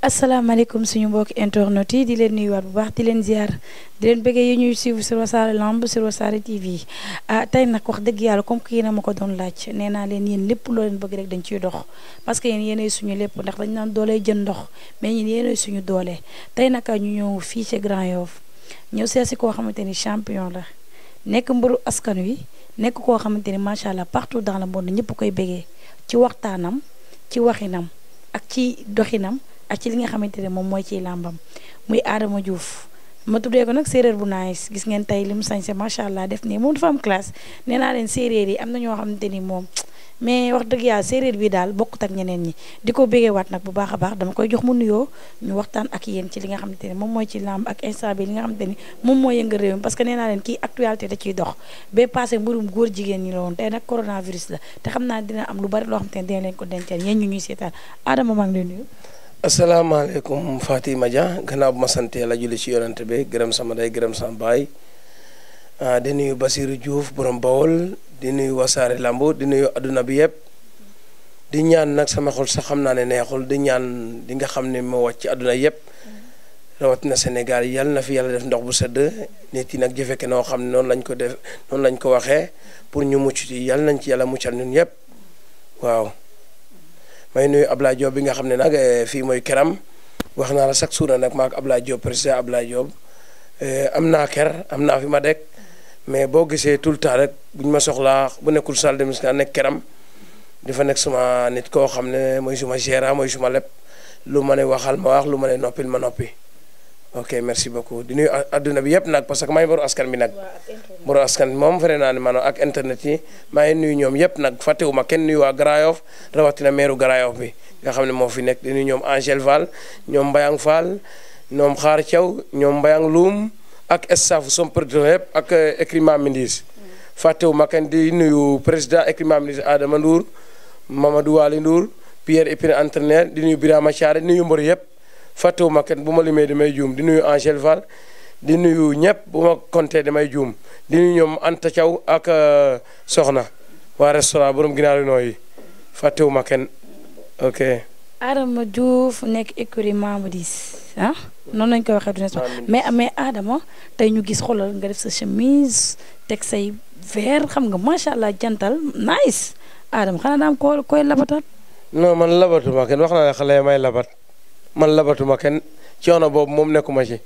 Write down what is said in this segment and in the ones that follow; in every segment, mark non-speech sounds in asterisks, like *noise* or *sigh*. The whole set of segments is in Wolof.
asalaamaaleykum suñu mbokki internet yi di leen nuyuwaat bu baax di leen ziar di leen bëggee yi ñuy suivre sur Wassare Lamb sur Wassare TV ah tey nag wax dëgg yàlla comme que yéen a ma ko doon laaj nee naa leen yéen lépp loo leen bëgg rek dañ ciy dox parce que yéen yéenay suñu lépp ndax dañ naan doolee jën ndox mais ñun yéenay suñu doole tey nag ñu ñëw fii ci Grand Yoff ñëw seet si koo xamante ni champion la nekk mbëru askan wi nekk koo xamante ni macha allah partout dans le monde ñëpp koy bëggee ci waxtaanam ci waxinam ak ci doxinam ak ci li nga xamante ne moom mooy ci làmbam muy Adama Diouf ma tuddee ko nag séeréer bu nice gis ngeen tey li mu sañse macha allah def nii moom dafa am classe nee naa leen séeréer yi am na ñoo xamante ni moom mais wax dëgg yàlla séeréer bi daal bokkut ak ñeneen ñi di ko bégeewaat nag bu baax baax dama koy jox mu nuyoo ñu waxtaan ak yéen ci li nga xamante ni moom mooy ci làmb ak instant bi li nga xamante ni moom mooy yëngal réew parce que nee naa leen kii actualité da ciy dox ba passé mbirum góor jigéen ñi la woon tey nag coronavirus la te xam naa dina am lu bari loo xamante ni dina leen ko dencal yéen ñu ñuy seetaan Adama maa ngi lay asalaamaaleykum Fatima maja gannaaw bu ma santee la julli ci yonante bi gërëm sama day gërëm sama baay ah, di nuyu Basiru Diouf borom Bawol di nuyu wasaare lamb di nuyu àdduna bi yëpp di ñaan nag sama xol sa xam naa ne neexul di ñaan di xam ne moo wax ci adduna yëpp rawatina Sénégal yàlla na fi yàlla def ndox bu sedd nit yi nag jëfeke noo xam ne noonu lañ ko def noonu lañ ko waxee pour ñu mucc ci yal nañ ci yàlla muccal ñun yëpp waaw may nuyu Ablaye Diop bi nga xam ne nag eh, fii mooy keram wax naa la chaque jour nag maak Ablaye Diop président Ablaye Diop eh, am naa ker am na fi ma dekk mais boo gisee tout le temps rek bu ñu ma soxlaa bu nekkul salle de muscu nekk keram dafa nekk suma nit koo xam ne mooy suma gérant mooy suma lépp lu ma ne waxal ma wax lu ma ne noppil ma noppi. ok merci beaucoup di nuyu adduna bi yëpp nag parce que maa ngi askan bi nag baru askan moom fere naa ne maanaam ak internet yi maa ngi nuyu ñoom yëpp nag fàttewuma kenn nuyu waa Grand ti rawatina meeru Grand Yoff bi nga xam ne moo fi nekk di nuyu ñoom Angèle Fall ñoom Mbayang Fall ñoom Xaar Thiaw ñoom Mbayang Loum ak staff somperto yëpp ak eh, écriment mindis fàttewuma kenn di nuyu président écriment mindis Adama Ndour Mamadou Waly Ndour Pierre Épine entraîneur di nuyu Birama Thiaré di nuyu mbër yëpp fàttewuma kenn bu ma limee may juum di nuyu Angèle Val di nuyu ñëpp bu ma compté damay juum di nuyu ñoom Anta Thiaw ak euh, Soxna waa restaurant borom ginaaru nooyi fàttewuma kenn ok. Adama Diouf nekk écurie Mamadis ah noonu lañ koy waxee du mais mais Adama tey ñu gis xoolal nga def sa chemise teg say verre xam nga macha allah jantal nice Adama xanaa daam ko koy labatat non man labatuma kenn wax naa ne xale may labat. man labatuma kenn coono boobu moom nekkuma ci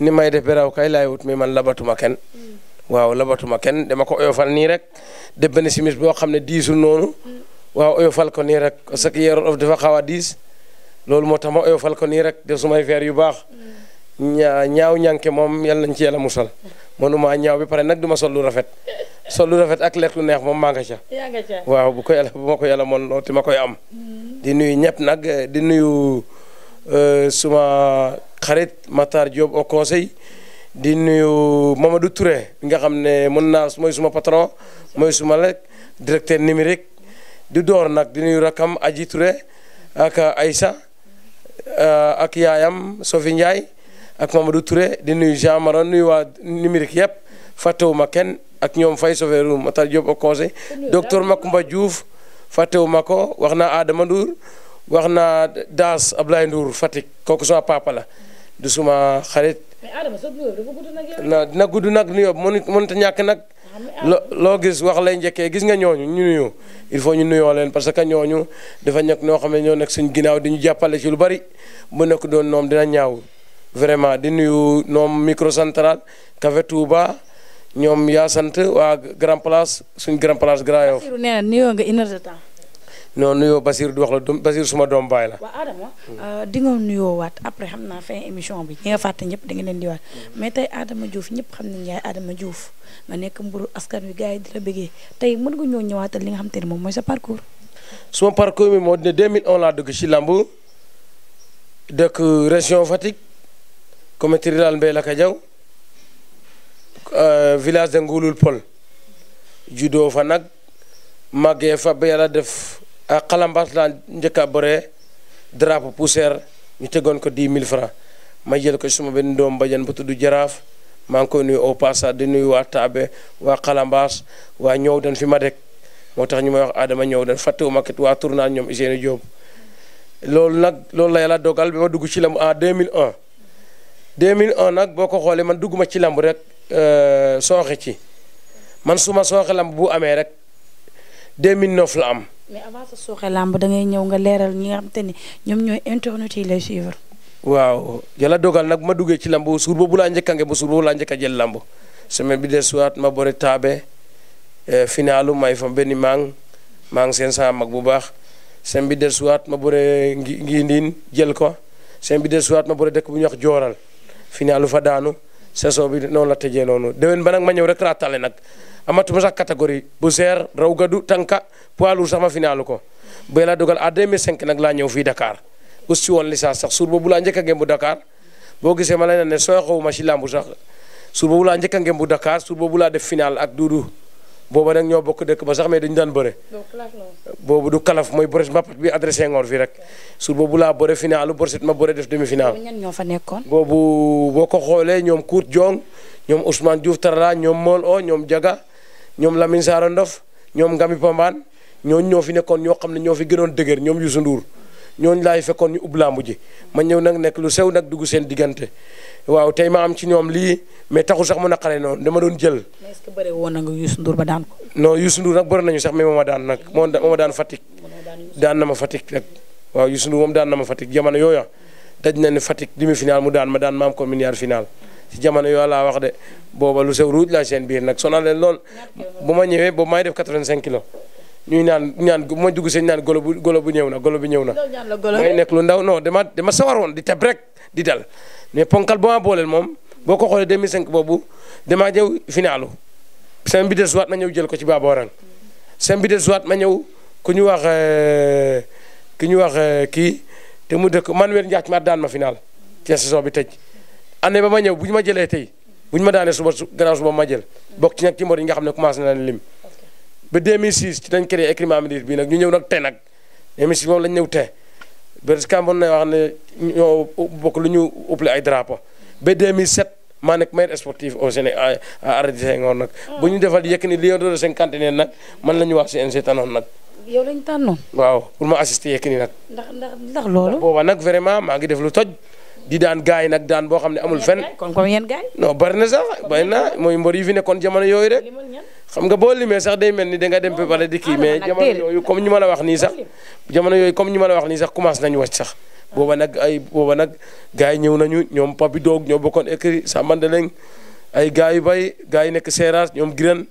ni may de beraw kay laay wut mi man labatuma kenn mm. waaw labatuma kenn dama ko oyofal nii rek de benn simis boo xam ne diisul noonu mm. waaw oyofal ko nii rek parce que dafa xaw a diis loolu moo tax ma oyofal ko nii rek def sumay feer yu baax mm. ñaaw ñànke moom yal nañ ci yàlla musal ma ñaaw bi pare nag duma sol lu rafet sol lu rafet ak lekk lu neex moom maa nga ca waaw bu ko yàlla ma ko yàlla moon looti ma koy am di nuyu ñëpp nag di nuyu Euh, suma xarit Matar Diop au conseil di nuyu Mamadou du bi nga xam ne mën naa mooy suma patron mooy suma lekk directeur numérique di door nag di nuyu rakam Aji Touré ak Aïssa euh, ak yaayam Sophie Ndiaye ak du Touré di nuyu Jean Maron nuyu waa numérique yëpp fàttewuma kenn ak ñoom Faye Soveru Matar Diop au conseil docteur Makumba Diouf fàttewuma ko wax na Adama Ndour wax naa daas Ablaye Ndour Fatick kooku suma papa la du suma xarit. na Adama sa gudd nag yow. dina gudd nag nuyoo mënut a ñàkk nag. Ah, loo loo gis wax lay njëkkee gis nga ñooñu ñu nuyoo il faut ñu nuyoo leen parce que ñooñu dafa ñekk noo xam ne ñoo nekk suñ ginnaaw di ñu jàppale ci lu bari bu nekk doon noom dina ñaaw vraiment di nuyu noom micro central Café ñoom yaa sant waa Grand Place suñ Grand Place Grand Yoff. non nuyoo Basir di wax la Basir suma doom baay la. waaw euh, nuyoo waat après xam naa fin émission bi ñi nga fàtte ñëpp da nga leen di waat mais tey Adama Diouf ñëpp xam nañ yaay Adama Diouf nga nekk mburu askan wi gars yi di la bëggee tey mën nga ñoo ñëwaatal li nga xam te ne moom mooy sa parcours. suma parcours bi moo di ne 2001 laa dugg ci làmb dëkk région Fatick comité rural Mbaye Laka Diaw euh, village de Ngouloul Pol juddoo fa nag màggee fa ba yàlla ah xalambaas laa njëkk a bëree drapeau poussière ñu tegoon ko 10 000 francs ma jël ko suma benn doom bajan bu tudd jaraaf maa ngi koy nuyu au passage di nuyu waa taabe waa xalambaas waa ñëw dañ fi ma dëkk moo tax ñu may wax Adama ñëw dañ fàttewuma kat waa tournage ñoom Ousseynou Diop loolu nag loolu la yàlla dogal bi ma dugg ci lamb en 2001 2001 nag boo ko xoolee man dugguma ci lamb rek euh, sooxe ci man suma sooxe lamb bu amee rek 2009 la am. mais avant sa sooxe làmb da ngay ñëw nga leeral ñi nga xam te ne ñoom ñooy internet yi lay suivre. waaw jala dogal nag ma duggee ci làmb suur boobu laa njëkk nge ba suur laa njëkk a jël làmb semaine bi desuwaat ma bëri taabe e, finalu may fa benn maang maang seen saa mag bu baax semaine bi desuwaat ma bëri ngi ngiindiin jël ko semaine bi desuwaat ma bëri dëkk bu ñax wax jooral finalu fa daanu saison bi noonu la tëjee noonu déwén ba nag ma ñëw rek raatale nag. amatuma sax catégorie bu seer raw gadu tanka poids lourd sax ma finaalu ko ba laa dogal à 2005 nag laa ñëw fii Dakar us ci woon licence sax suur boobu laa njëkk a ngémbu Dakar boo gisee ma lay ne sooxewuma ci làmbu sax suur boobu laa njëkk a bu dakaar suur boobu laa def final ak du booba nag ñoo bokk dëkk ba sax mais dañu daan bëre boobu du kalaf mooy boros mbapat bi adressé ngoor fii rek suur boobu laa bëre finalu borsit ma bëre def demi final boobu boo ko xoolee ñoom Kourt Diong ñoom Ousmane Diouf Tarala ñoom Mool O ñoom Jaga ñoom Lamine Saara Ndof ñoom Ngami Pambaan ñooñ ñoo fi nekkoon ñoo xam ne ñoo fi gënoon dëgër ñoom Youssou Ndour ñooñu laay fekkoon ñu ubbi làmb ji ma ñëw nag nekk lu sew nag dugg seen diggante waaw tey ma am ci ñoom lii mais taxul sax mu naqare noonu dama doon jël. mais est-ce woon na nga ba daan ko. non Youssou Ndour nag bëri nañu sax mais moom a daan nag moom ma daan Fatick. daan na ma Fatick nag waaw Youssou moom daan na ma Fatick jamono yooya daj na ne Fatick demi final mu daan ma daan ma am ko milliard ci jamono yoo laa wax de booba lu sew ruuj laa seen biir nag sonal leen lool bu ma ñëwee boobu maay def kilo kilos ñuy naan ñaan bu ma dugg seen ñaan golo bu golo bu ñëw na golo bi ñëw na. ngay nekk lu ndaw non dama dama sawar woon di teb rek di dal mais ponkal ba ma booleel moom boo ko xoolee 2005 boobu damaa ñëw finalu seen bi des waat ma ñëw jël ko ci baaboorang seen bi des waat ma ñëw ku ñu wax eh, ki ñu wax eh, kii te mu dëkk man weer njaac ma daan ma final ci saison bi tëj. année ba ma ñëw bu ñu ma jëlee tey bu ñu ma daanee suba su suba ma jël bokk ci nag ci mbor yi nga xam ne commencé naa lim ba 2006 ci nag ñu ñëw lañ ñëw te Berska mën na wax ne ñoo bokk lu ñu ëppale ay drapeau ba 2007 maa nekk maire sportif au Sénégal arrêté nag bu ñu defal yekk ni Lion d'Or cinquantenaire nag man la ñu wax CNG tanoon nag. yow lañ waaw pour ma assister yekk ni nag. ndax loolu. booba nag vraiment maa ngi def lu toj. di daan gaay yi nag daan boo xam ne amul fenn. kon kon yéen gaay non bari na sax bari na mooy mbër yi fi nekkoon jamono yooyu rek. xam nga boo limee sax day mel ni danga dem préparé di kii ah, mais jamono yooyu comme ñu ma wax nii sax jamono yooyu comme ñu ma wax ni sax commencé nañu wàcc sax. booba nag ay booba nag gars yi ñëw nañu ñoom papi doog ñoo bokkoon écrit sàmmande lañ ay gars yu bay gars yi nekk seeraas ñoom giran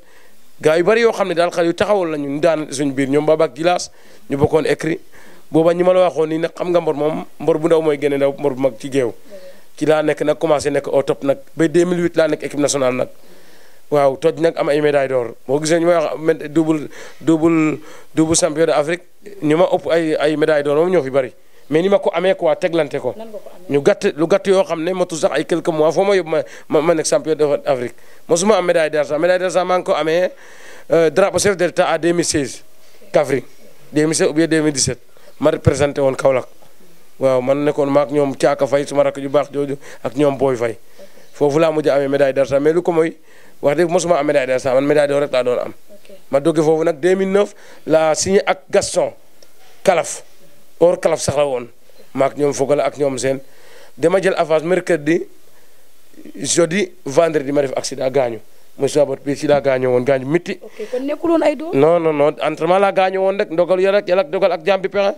gars yu bari yoo xam ne daal xale yu taxawal lañu ñu daan suñu biir ñoom babak gilaas ñu bokkoon écrit booba ñi ma la waxoon nii nag xam nga mbor moom mbor bu ndaw mooy gën a ndaw mbor bu mag ci géew ci laa nekk nag commencé nekk au top nag ba 2008 laa nekk équipe nationale nag waaw toj nag am ay médaille d'or boo gisee ñu may wax double double double champion d'Afrique ñu ma ëpp ay ay médaille d'or moom ñoo fi bari mais ni ma ko amee quoi teglante ko ñu gàtt lu gàtt yoo xam ne matu sax ay quelques mois foo ma yóbbu ma ma nekk champion d'Afrique mosuma maa ngi ko amee euh, drapeau à 2016 Kaffrine 2016 ma présenté woon Kaolack waaw man nekkoon maak ñoom caaka fay suma rakk ju baax jooju ak ñoom booy fay foofu laa mujj amee médaille d'argent mais lu ko wax dëgg mosuma am médaille d'argent man médaille d'or rek laa doon am ma dogge foofu nag 2009 la signé ak Gaston Kalaf or Kalaf sax woon maak ñoom Fogala ak ñoom seen dama jël avance mercredi jeudi vendredi ma def accident gaañu monsieur Abat bi si laa gaañoo woon gaañu mitti. ok kon nekkul woon ay doom. non non non laa gaañoo woon rek ndogal yàlla ak yàlla ak dogal ak jàmm bi pexe.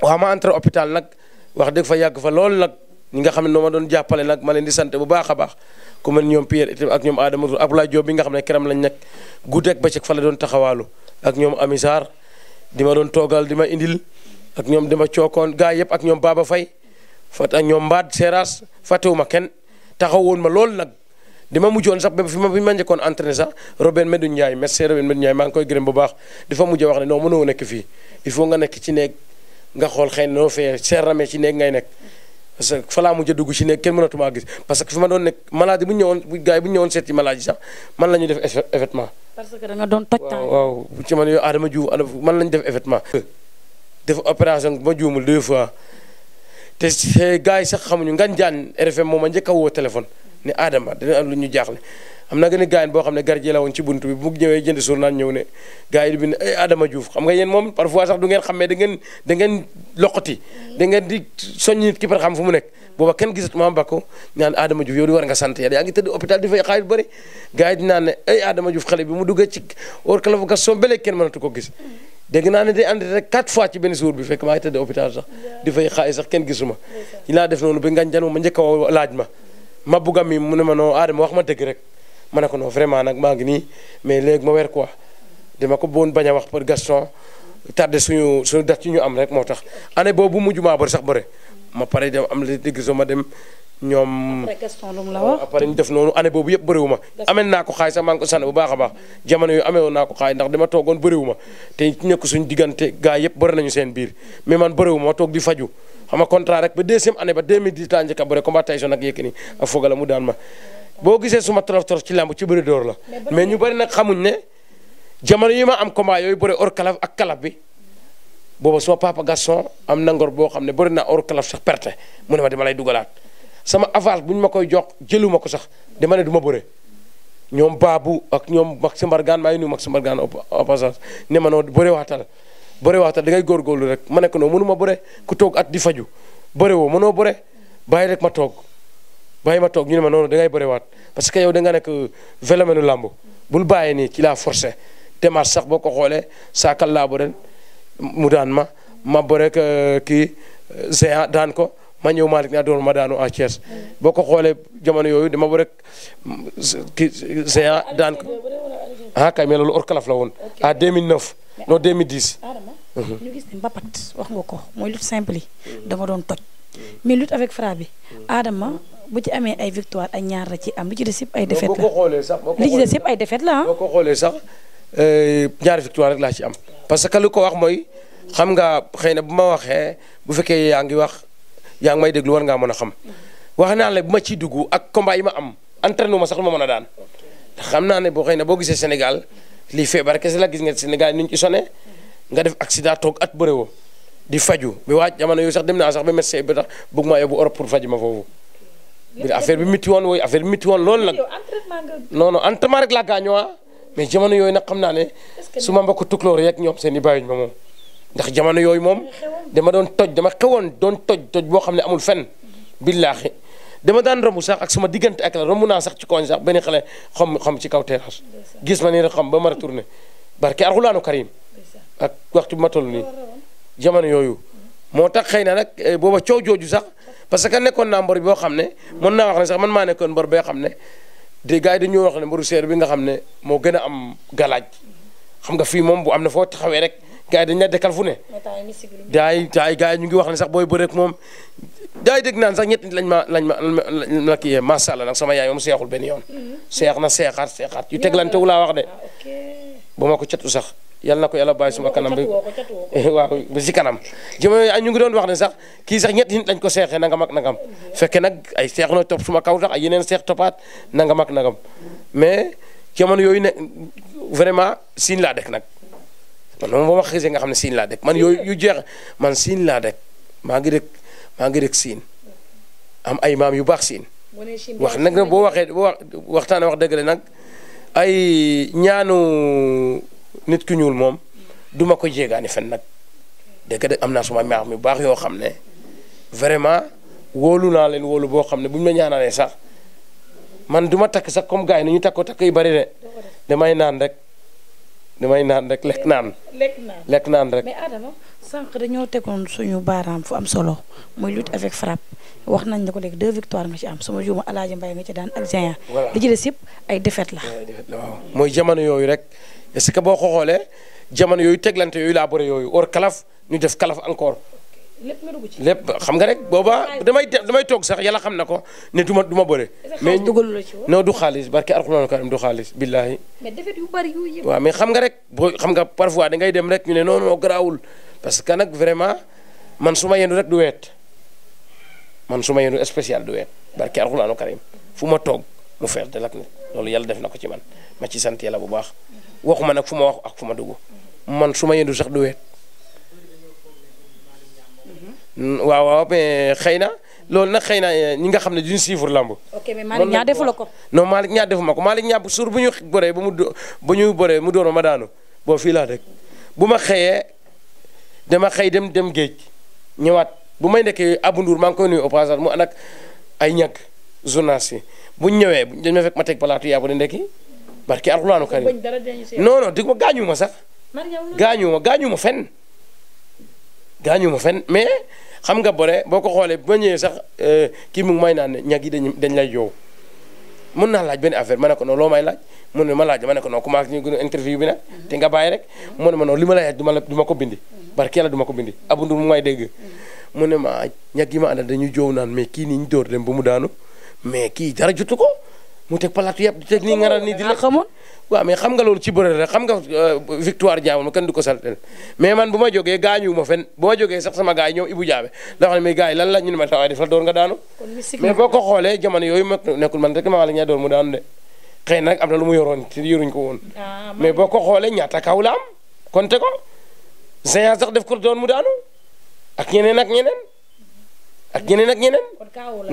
waaw ma entre hôpital nag wax dëgg fa yàgg fa lool nag ñi nga xam ne noo ma doon jàppale nag ma leen di sant bu baax a baax ku mel ñoom Pierre ak ñoom Adama Tour Abdoulaye Diop bi nga xam ne këram lañ nekk guddeeg bëccëg fa la doon taxawaalu ak ñoom Ami Sarr di ma doon toogal di ma indil ak ñoom dama cookoon gaa yëpp ak ñoom Baba Faye fat ak ñoom Mbad Seras ma ken taxawoon ma lool nag di ma mujjoon sax ba fi ma bi ma njëkkoon entraîné sax Robert Medou Ndiaye merci Robert Medou Ndiaye maa ngi koy gërëm bu baax dafa mujj wax ne non mënoo nekk fii il faut nga nekk ci nekk nga xool xëy na noo fee seer ci néeg ngay nekk parce que fa mujj a dugg ci néeg kenn mënatuma gis parce que fi ma doon nekk maladie bu ñu ñëwoon gars yi bu ñu ñëwoon seet ci maladie sax man la ñuy def événement. doon toj waaw waaw ci man yow Adama Diouf man def événement. def ba juumul deux fois te gars yi sax xamuñu nga jaan RFM moom a njëkk a woo téléphone ne aadama dina am lu ñu jaaxle am na gën a boo xam ne gardien la woon ci buntu bi bu ñëwee jënd suur naan ñëw ne gars bi ne eh, Adama Diouf xam nga yéen moom parfois sax du ngeen xamee da ngeen da fu mu nekk booba kenn gisat maam bakko naan Adama Diouf yow di war nga sant yàlla yaa ngi tëdd hôpital di fay xaalis bëri eh, bi mu duggee ci hors classification ba léegi kenn mënatu ko gis dégg naa ne day ànd rek quatre fois ci benn suur bi fekk maa ngi tëdd hôpital sax di fay xaalis sax kenn gisuma laa def noonu ba nganjan ma njëkk a laaj ma ma bugg a mi mu ne ma non Adama wax ma dëgg rek ma ne vraiment nag maa ngi nii mais léegi ma weer quoi dama ko boon bañ a wax pour Gaston tardé suñu suñu dat ci ñu am rek moo tax année boobu mujj maa bëri sax bëre ma pare dem am li dégg ma dem ñoom. après Gaston lu mu la wax après ñu def yëpp bëriwu ma. amee naa ko xaay sax maa ngi ko sant bu baax a baax jamono yu amee naa ko xaay ndax dama toogoon bëriwu ma te nekk suñu diggante gaa yëpp bare nañu seen biir mais man bëriwu ma ma toog di faju xam contrat rek ba deuxième ane ba 2010 laa njëkk a bëre combat Tyson ak Yékini ak Fogala mu ma boo gisee suma torof torof ci làmb ci bëri door la mais ñu bëri nag xamuñ ne jamono yi ma am combat yooyu bore or kalaf ak kalaf bi booba suma papa Gaston am na boo xam ne bëri naa or kalaf sax perte mu ne ma dama lay dugalaat sama avance bu ñu ma koy jox jëluma ko sax dama ne du ma bëre ñoom Babou ak ñoom Maxime Bargane maa ngi nuyu Maxime Bargane au passage ne ma noo bëre waatal bëre waxtaan da ngay góorgóorlu rek ma nekk noonu mënu ma bëre ku toog at di faju bëre woo mënoo bëre bàyyi rek ma toog bàyyi ma toog ñu ma noonu da ngay bëre waat parce que yow da nga nekk phénomène làmb bul bàyyi nii ci laa forcé démarche sax boo ko xoolee saakal laa bëre mu daan ma ma bëre euh, kii géant euh, daan ko ma ñëw Malick naa doon ma daanu à Thiès boo ko xoolee jamono yooyu dama bëre euh, kii géant daan ko ah kay mais loolu orkalaf la woon à 2009. non 2010. Adama mhm. ñu gis wax nga ko mooy lutte simple yi. dama doon toj. mais lutte avec Fra bi. Adama bu ci amee ay victoire ay ñaar la ci am li ci des yëpp ay. défaite la boo sax li ci ay défaite la ah. boo ko xoolee sax euh, ñaari victoire rek laa ci am. parce que lu ko wax mooy xam nga xëy na bu ma waxee bu fekkee yaa ngi wax yaa ngi may déglu war ngaa mën a xam. wax naa la bu ma ciy dugg ak combat yi ma am entraînement sax lu ma mën a daan. xam naa ne boo xëy na boo gisee Sénégal. lii feebar kese la gis nga Sénégal ni ñu ci sonné nga def accident toog at bëréwoo di faju bi waaj jamono yooyu sax dem naa sax ba médecin bi tax bëgg maa yóbbu Europe pour faj ma foofu affaire bi métti woon wooyu affaire bi métti woon loolu nag non non entraînement rek laa gaañoo ah. mais jamono yooyu nag xam naa ne suma ma mbokk tukulóor yeeg ñoom seen i bàyyiñ ma moom ndax jamono yooyu moom dama doon toj dama xewoon doon toj toj boo xam ne amul fen billaaxi dama daan romb sax ak sama diggante ak la romb naa sax ci kooñ sax benn xale xam xam ci kaw terrasse gis ma nii rek xam ba ma retourné barke Alxuraanu Karim ak waxtu bi ma toll nii jamono yooyu mm-hmm. moo tax xëy na nag eh, booba coow jooju sax parce que nekkoon naa mbor boo xam ne mën naa wax ne sax man maa nekkoon mbor boo xam ne de gars yi dañoo wax ne mboru seer bi nga xam ne moo gën a am galaaj mm-hmm. xam nga fii moom bu am na foo xawee rek. gars yi dañ la dekkal fu ne. gars yi gars yi ñu ngi wax ne sax booy bëreeg moom gars yi naan sax ñett lañ ma lañ ma lañ ma kii macha allah nag sama yaay moom seexul benn yoon. Mm-hmm. seex na seexaat seexaat yu teglante wu laa wax de. Ah, ba ma ko catu sax yal na ko yàlla bàyyi suma kanam bi *laughs* waaw ba si kanam jamono ñu ngi doon wax ne sax kii sax ñetti nit lañ ko seexee nangam ak nangam mm-hmm. fekke nag ay seex na topp suma kaw tax ay yeneen seex toppaat nangam ak nangam mais jamono yooyu ne vraiment siin laa dëkk nag man moom boo ma xisee nga xam ne siin laa dek man yooyu yu jeex man siin laa dëkk maa ngi siin am ay maam yu baax siin. wax nag nag boo waxee boo wax waxtaanee wax dëgg la nag ay ñaanu nit ku ñuul moom duma ko jéegaani fen nag dëgg dëgg am naa suma maam yu baax yoo xam ne vraiment wóolu naa leen wóolu boo xam ne buñ ma ñaanalee sax man du ma takk sax comme gars yi ni ñu takk ko takk yu bari de damay naan rek. damay naan rek lekk naan. lekk naan lekk naan rek. mais Adama sànq dañoo tegoon suñu baaraam fu am solo mooy lutte avec frappe wax nañ la ko léegi deux victoires nga ci am sama juuma Alaaji mbay nga ci daan ak Géant. voilà li ci des yëpp ay défet la. waaw mooy jamono yooyu rek est-ce que boo ko xoolee jamono yooyu teglante yooyu laa bëre yooyu or kalaf ñu def kalaf encore. lépp xam nga rek booba damay damay toog sax yàlla xam na ko ne du ma du ma bëre. mais non du xaalis barke alxuraan karim du xaalis billaahi. mais defet yu bari yu yëpp. waaw mais xam nga rek boo xam nga parfois da ngay dem rek ñu ne non non garaawul parce que nag vraiment man su ma yendu rek du weet man su ma yendu spécial du weet barke alxuraan karim fu ma toog mu fees de lak ne loolu yàlla def na ko ci man ma ci sant yàlla bu baax waxuma nag fu ma wax ak fu ma dugg man su ma yendu sax du weet. waaw waaw mais xëy na loolu nag xëy na eh, ñi nga xam ne duñ siifur lamb. ok mais Malick defu la ko. non Malick Niang defu ma ko Malick Niang suur bu ñu boree ba mu do bu ñu bëree mu doon ma daanu boo fii laa deg bu ma xëyee dama xëy dem dem géej ñëwaat bu may nekkee Abou Ndour maa ngi koy nuyu au passage mu ànd ak ay ñàkk journaliste yi bu ñu ñëwee ma fekk ma teg palaatu yàlla bu ndekki barki alxuraanu karim non non di ma gaañu ma sax. gaañu ma gaañu ma fenn. gaañu ma fen mais xam nga bore boo ko xoolee ba ñëwee sax euh, kii mu ngi may naan ne ñag yi dañ dañ lay yow mën naa laaj benn affaire ma ne ko non loo may laaj mu ne ma laaj ma ne ko non commencé ñu a interview bi nag te nga bàyyi rek mu ne ma non li ma lay laaj la du ma ko bindi barke yàlla du ma ko bindi abu ndur mu may dégg mu ne ma ñag yi ma àndal dañu joow naan mais kii nii ñu dóor dem ba mu daanu mais kii dara jotu ko mu teg palaatu yàpp di teg nii ngaral nii di la xamoon waa mais xam nga loolu ci bëre rek xam nga euh, victoire jaamam kenn du ko saltel mais man bu ma jógee gaañu ma fen bu ma jógee sax sama gars yi ñoom Ibou Diabé dafa ne mais gars la ñu ne ma tawaay def la mais boo ko xoolee jamono yooyu mag nekkul man rek maa la ñaa door mu xëy nag am na lu mu yoroon ci yoruñ ko woon ah, mais boo ko xoolee ñaata kaw la konte ko géant sax def ko doon mu daanu ak ñeneen ak ñeneen ak ñeneen ak ñeneen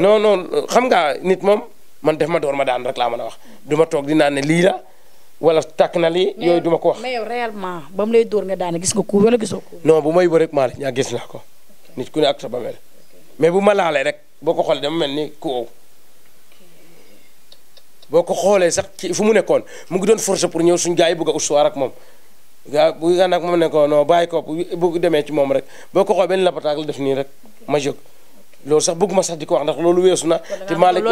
non non xam nga nit moom man def ma door ma daan rek laa mën a wax du ma toog di naan ne lii wala takk na lii yooyu duma ko wax. mais ba mu lay dóor nga daane gis nga ko wala gisoo ko. non bu may wër rek Malick ñaa gis naa ko nit ku ne ak sa bamel mais bu ma rek boo ko xoolee dama mel ni ku ow boo ko xoolee sax ci fu mu nekkoon mu ngi doon force pour ñëw suñ gars yi bëgg a ustuwaar ak moom gaa bu gaa nag moom ne ko non bàyyi ko bu demee ci moom rek boo ko xoolee benn lapataak la def nii rek ma jóg loolu sax ma sax di ko wax ndax loolu weesu na te Malick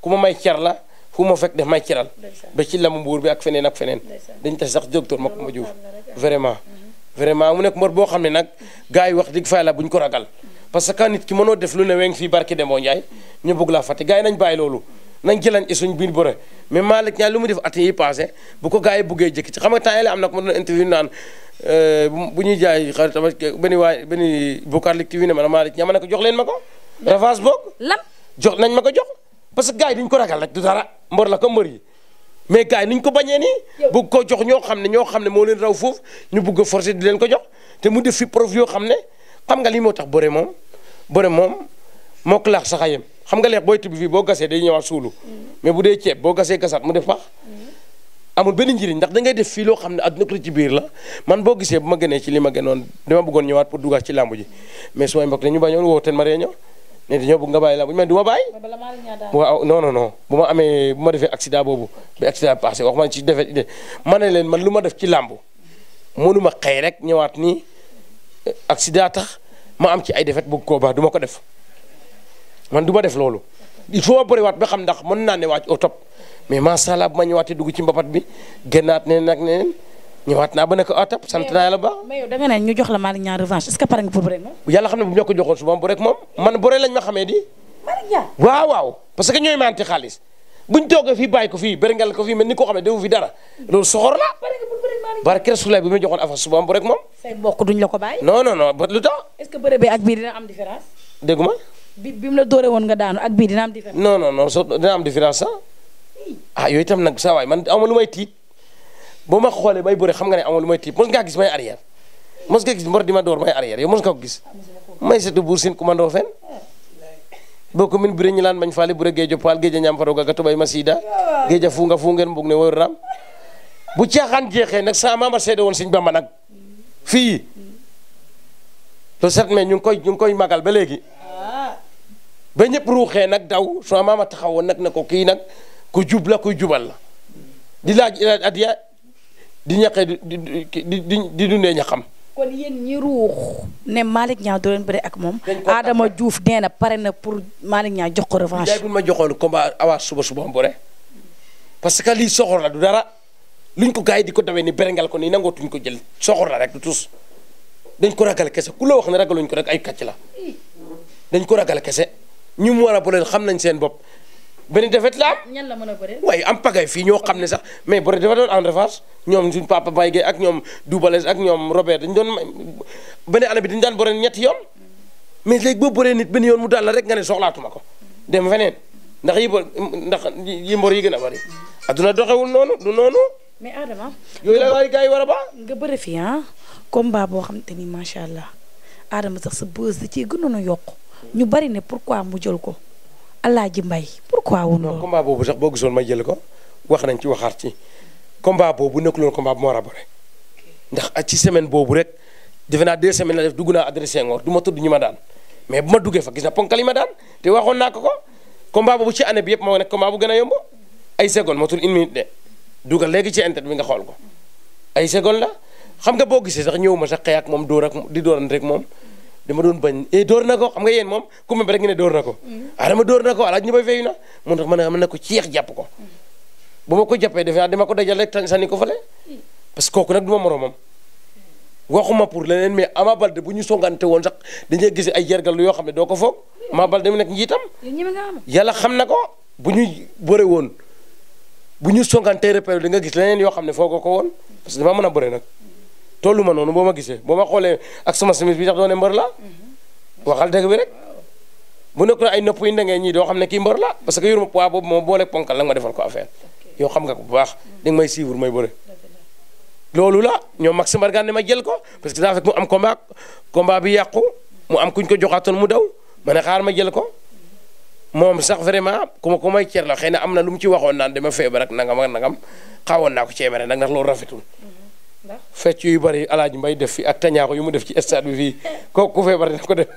ku ma may cer la ku ma fekk def may ciral ba ci lamu mbuur bi ak feneen ak feneen dañ a sax docteur ma ko ma vraiment mm-hmm. vraiment mu nekk mbor boo xam ne nag gars yi wax la bu ñu ko ragal mm-hmm. parce que nit ki mënoo def lu ne weng fii barki demoo Ndiaye ñu bëgg laa fàtte gars buggee jëkk xam nga temps yële am na ko ma interview naan euh, bu ñuy jaay xarit tamit benn waay benn ma ne Malick Niang ma ne jox leen ma ko revanche boog lan jox nañ ma ko jox parce que gars yi duñ ko mbor la ko mbër yi mais gars yi ni ñu ko bañee nii. bëgg ko jox ñoo xam ne ñoo xam ne moo leen raw foofu ñu bugg a forcer di leen ko jox te mu def fi prof yoo xam ne xam nga lii moo tax bore moom bëre moom moo ko laax saxayam xam nga leex booy tibb fii boo gasee day ñëwaat suulu mm. mais bu dee ceeb boo gasee gasaat mu def baax. Mm. amul benn njëriñ ndax da def fii loo xam ne adduna ko ci biir la man boo gisee bu ma gënee ci li ma gënoon dama bëggoon ñëwaat pour dugaat ci làmb ji mais su may mbokk dañu bañoon woo ne dañoo bëgg nga baay làmb bu ñu mel du ma bàyyi. waaw non non bu ma amee bu ma defee accident boobu bi accident passé wax man ci defet ma ne leen man lu ma def ci làmb ma xëy rek ñëwaat ni accident tax ma am ci ay defet bëgg koo baa du ma ko def man du ma def loolu. il faut ma bëriwaat ba xam ndax mën naa ne waaj au mais macha allah bu ma ñëwaatee dugg ci mbapaat bi génnaat ne nag ne ñëwaat naa ba nekk atab sant naa yàlla baax mais yow da nga ne ñu jox la Malick Niang revanche est-ce que pare nga pour bëre moom yàlla xam ne bu ñu ko joxoon su moom bu rek moom man bu rek lañ ma xamee di Malick Niang waaw waaw parce que ñooy maante xaalis buñ toogee fii bàyyi ko fii bërëngal ko fii mel ni koo xam ne defu fi dara loolu soxor la barke Rasulullah bi ma joxoon avance su moom bu rek moom say mbokk duñ la ko bàyyi non non non ba lu tax est-ce que bëre bi ak bii dina am différence déggu ma bi bi mu la dóore woon nga daanu ak bii dina am différence non non non so dina am différence sax ah yooyu itam nag saa waay man amul lu may tiit boo ma xoolee bay bëre xam nga ne amul lu may tiib mos ngaa gis may arrière mos nga gis mbor di ma door may arrière yow mos nga ko gis may setu buur sin commando fen boo ko min bure ñu laan bañ faale bure géejo paal géeja ñaam faroga ga tubay ma siida géeja fuunga fuungeen mbug ne woor ram bu caaxaan jeexee nag sa maama seede woon siñ bamba nag fii le 7 mai ñu ngi koy ñu ngi koy magal ba léegi ba ñëpp ruuxee nag daw sa maama taxawoon nag ne ko kii nag ku jub la kuy jubal la di laaj adiya di ñaqee di di di di dundee ñaqam. kon yéen ñi ruux ne Malick Niang doo leen bëri ak moom. Adama Diouf nee na pare na pour Malick Niang jox ko revanche. jaay bu ma joxoon combat awaar suba suba mbore parce que lii soxor la du dara luñ ko gars yi di ko dawee ni berengal ko nii nangootuñ ko jël soxor la rek du tus dañ ko ragal kese ku loo wax ne ragaluñ ko rek ay kàcc la dañ ko ragal kese ñu mu war booleel xam nañ seen bopp. benn defet la am. la mën a bëree. waaye am pagay fi ñoo xam ne sax mais bu dafa doon en revanche ñoom suñ papa Baye Gueye ak ñoom Doubalès ak ñoom Robert dañ doon benn année bi dañu daan bëree ñetti yoon mais léegi boo bëree nit benn yoon mu daal la rek nga ne soxlaatuma ko dem feneen ndax yi ndax yi mbor yi gën a bëri adduna doxewul noonu du noonu. mais Adama. yooyu la waaye gars yi war a ba. nga bëri fii ah combat boo xam te ni macha allah Adama sax sa bës da cii gënoon a yokk ñu bari ne pourquoi mu jël ko. Alaaji Mbay pourquoi wu loolu. combat boobu sax boo gisoon may jël ko wax nañ ci waxaat ci combat boobu nekkul woon combat bu ma war a bëre ndax ci semaine boobu rek defe naa de semaines la def dugg naa adressé ngoor du ma tudd ñi ma daan mais bu ma duggee fa gis na ponkal yi ma daan te waxoon naa ko ko combat boobu ci année bi yëpp moo nekk combat bu gën a yomb ay seconde matul une minute de dugal léegi ci internet bi nga xool ko ay seconde la xam nga boo gisee sax ñëwuma sax xëy ak moom dóor ak di dóorante rek moom. dama doon bañ e dóor na ko xam nga yéen moom ku mu rek ngeen ne dóor na ko mm-hmm. ah dama dóor ko alaaj ñu bay feeyu na mun tax a am na ko ceex jàpp ko mm-hmm. bu ma ko jàppee defe dama ko dajal rek sànni ko fale mm-hmm. parce que kooku nag du ma moroomam waxuma pour leneen mais Ama Baldé bu ñu songante woon sax dañuy gis ay jargal yoo xam ne doo ko foog Ama Baldé mu nekk njiitam yàlla xam na ko bu ñu bëre woon bu ñu songante repère da nga gis leneen yoo xam ne foogoo ko woon parce que dama mën a bore nag tollu ma noonu boo ma gisee boo ma xoolee ak sama simis bi tax doo ne mbër la waxal dëgg bi rek bu nekkoon ay nopp yu ndengee ñii doo xam ne ki mbër la parce que yoruma poids boobu moo boole ponkal la nga ma defal ko affaire yow xam nga ko bu baax da nga may suivre may bëre loolu la ñoom Maxime Bargane ne ma jël ko parce que daa fekk mu am combat combat bi yàqu mu am kuñ ko joxaatoon mu daw ma ne xaar ma jël ko moom sax vraiment ku ma ko may cer la xëy na am na lu mu ci waxoon naan dama feebar ak nangam ak nangam xaawoon naa ko ceebare nag ndax loolu rafetul fecc yu bari alaaj mbay def fi ak tañaako yi mu def ci stade bi fii ko ku feebar dina ko def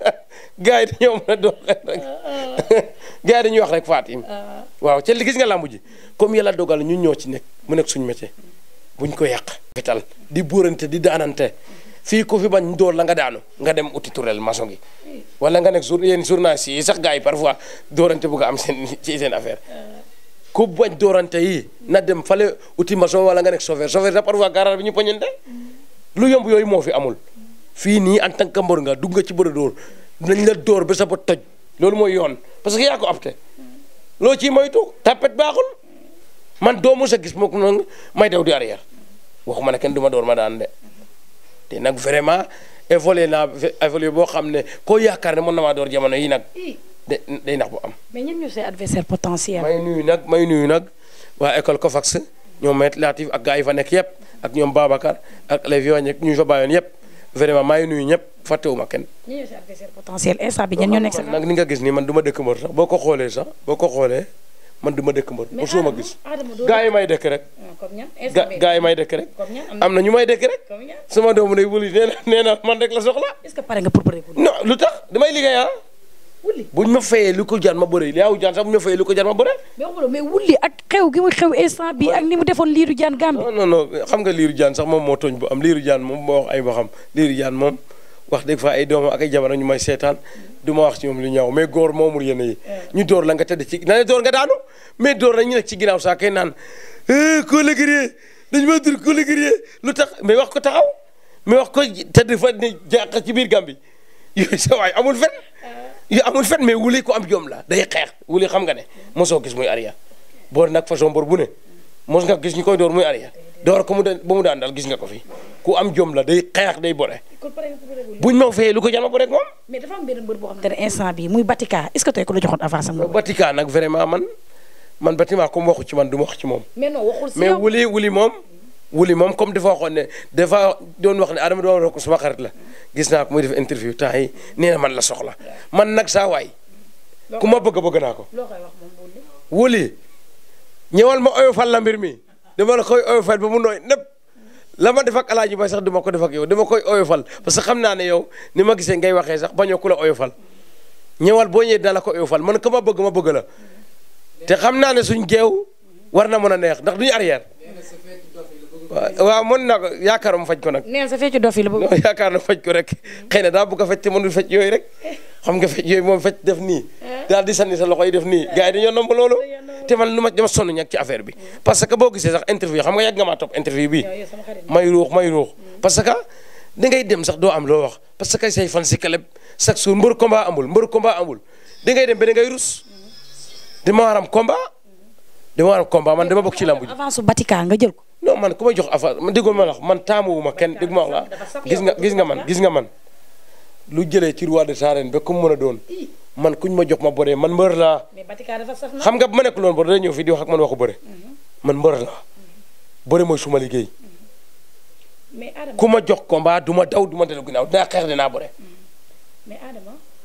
*laughs* gars yi dañoo mën a doon rek *laughs* gars wax rek Fatim ah, ah. waaw ca li gis nga làmb ji comme yàlla dogal ñu ñoo ci nekk mu nekk suñu métier buñ ko yàq fital di buurante di daanante fii ku fi bañ door la nga daanu nga dem uti turel maçon gi wala nga nekk jour yéen journaliste yi sax gars yi parfois doorante bëgg a am seen ci seen affaire ah. ku bañ doorante yi na dem fale uti maçon wala nga nekk chauffeur chauffeur da parfois garage bi ñu poñante lu yomb yooyu moo fi amul fii nii en tant que mbër nga dugg nga ci bëri dóor dinañ la dóor ba sa ba toj loolu mooy yoon parce que yaa ko apte loo ciy moytu tapet baaxul man doomu sa gis mook noonu may daw di arrière ne kenn du ma dóor ma daan de te nag vraiment évolué naa évolué boo xam ne koo yaakaar ne mën na maa dóor jamono yi nag day day nax bu am. mais ñun ñu say adversaire potentiel. may nuyu nag may nuyu nag waa école COFAX ñoom Maître Latif ak gars yi fa nekk yëpp ak ñoom Babacar ak les vieux ñu fa bàyyoon yëpp vraiment may nuyu ñëpp fàttewuma kenn. ñun ñu say adversaire potentiel bi ñun ñoo nekk sax. nag ni nga gis nii man du ma dëkk mbër sax boo ko xoolee sax boo ko xoolee man du ma dëkk mbër. mais Adama Adama ah, gars yi may dëkk rek. gaa may dëkk rek. am na ñu may dëkk rek. sama doomu day wuli nee na nee na man rek la soxla. est-ce que pare nga pour bëri. non lu tax damay liggéey ah. wulli buñ ma fayee lu ko jar ma bëre yaaw jaan sax buñ ma fayee lu ko jar ma bëre. mais wulli ak xew gi mu xew instant bi ak ni mu defoon liiru jaan gàmbi. ma wax ci moom lu ñaaw mais góor moomul yéen yi. Eh. ñu door la nga tëdd ci na door nga daanu mais door la ñu nekk ci ginnaaw saa kay naan koo eh, la dañu ma dur koo la gëree lu tax mais wax ko taxaw mais wax ko tëdd fa ne jàq ci biir gàmbi *laughs* yooyu sa amul fen eh. yu amul fen mais wuli ko am jom la day xeex wuli xam nga ne mosoo gis muy Arya boor nag façon boor bu ne mos nga gis ñu koy door muy Arya door ko mu daan ba mu daan daal gis nga ko fi ku am jom la day xeex day bore. buñ ma fayee lu ko jàmm bu rek moom. mais dafa am benn mbër boo xam ne instant bii muy Batika est ce que tey ku la joxoon avance am. Batika nag vraiment man man Batika comme waxu ci man du ma wax ci moom. mais non waxul si mais wuli wuli moom. wuli moom comme dafa waxoon ne dafa doon wax ne Adama doon wax ko suma xarit la gis naa ko muy def interview temps yi man la soxla man nag saa waay ku ma bëgg bëgg naa ko. wuli ñëwal ma oyofal la mbir mi dama la koy oyofal ba mu nooy nëpp la ma def ak alaaji bay sax dama ko def ak yow dama koy oyofal parce que xam naa ne yow ni ma gisee ngay waxee sax bañoo ku la oyofal ñëwal boo ñëwee dina la ko oyofal man ku ma bëgg ma bëgg la te xam naa ne suñ géew war na mën a neex ndax duñu arrière. waaw mën naa ko yaakaar mu faj ko nag. nee sa faj ko rek xëy na daa bëgg a faj te mënul faj yooyu rek xam nga faj yooyu moom faj def nii. daal di sànni sa loxo def nii gars yi dañoo nomb te man lu ma dama sonn ci affaire bi. parce que boo gisee sax interview xam nga yàgg nga maa topp interview bi may ruux may ruux parce que da ngay dem sax doo am loo wax parce que say fan si kaleb chaque jour mbër combat amul mbër combat ngay dem ba da ngay rus. dama waram combat dama war a combat man dama bokk ci lambu ji. avance Batika nga jël ko. non man ku may jox avance man déggoo ma la wax man taamuwu ma kenn dégg ma wax la gis nga gis nga man gis nga man lu jëlee ci roi de Sarène ba ku mën a doon man kuñ ma jox ma bëree man mbër laa. mais Batika dafa xam nga bu ma nekk loon bër day ñëw fii di wax ak man waxu bëre. Mhm. man mbër la mhm. bëre mooy suma liggéey. Mhm. mais Adama ku ma jox komba du ma daw du ma dellu ginnaaw dinaa xeex dinaa naa mais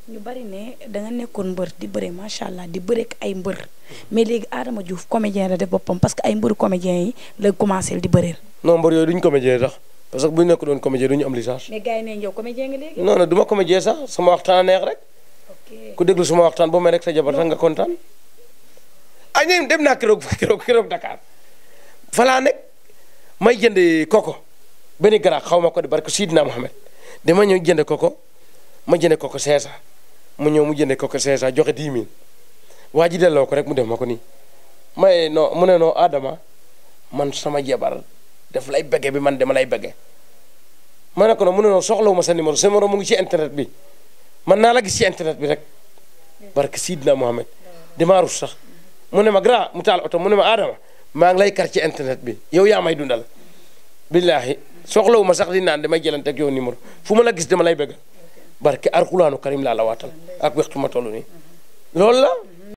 ñu bari ne da nga nekkoon mbër di bëre macha allah di bëre ak ay mbër mais léegi Adama Diouf comédien la def boppam parce que ay mbëru comédien yi la commencé di bëreel. non mbër yooyu duñ comédien tax parce que bu ñu nekk doon comédien duñu am licence. mais gars yi ne yow comédien nga léegi. non non du ma comédien sax sama waxtaan neex rek. ku déglu sama waxtaan boo may rek sa jabar sax nga kontaan. ah ñoom dem naa keroog *laughs* keroog keroog Dakar falaa nekk may jënd koko benn garab xaw ma ko di barke Sidina Mohamed dama ñëw jënd koko ma jënd koko 500. mu ñëw mu jëndee ko ko 500 joxe 10 000 waa ji delloo ko rek mu def ma ko nii may noo mu ne non Adama man sama jabar daf lay bëgge bi man dama lay bëgge ma ne ko mu ne non soxlawuma sa numéro sa numéro mu ngi ci internet bi man naa la gis ci internet bi rek barke Sidna Mohamed damaa rus sax mu ne ma grand mu taal oto mu ne ma Adama maa ngi lay kar ci internet bi yow yaa may dundal billaahi soxlawuma sax di naan damay jëlante ak yow numéro fu ma la gis dama lay bëgg barke alxuraanu karim laa la waatal ak waxtu ma toll nii loolu la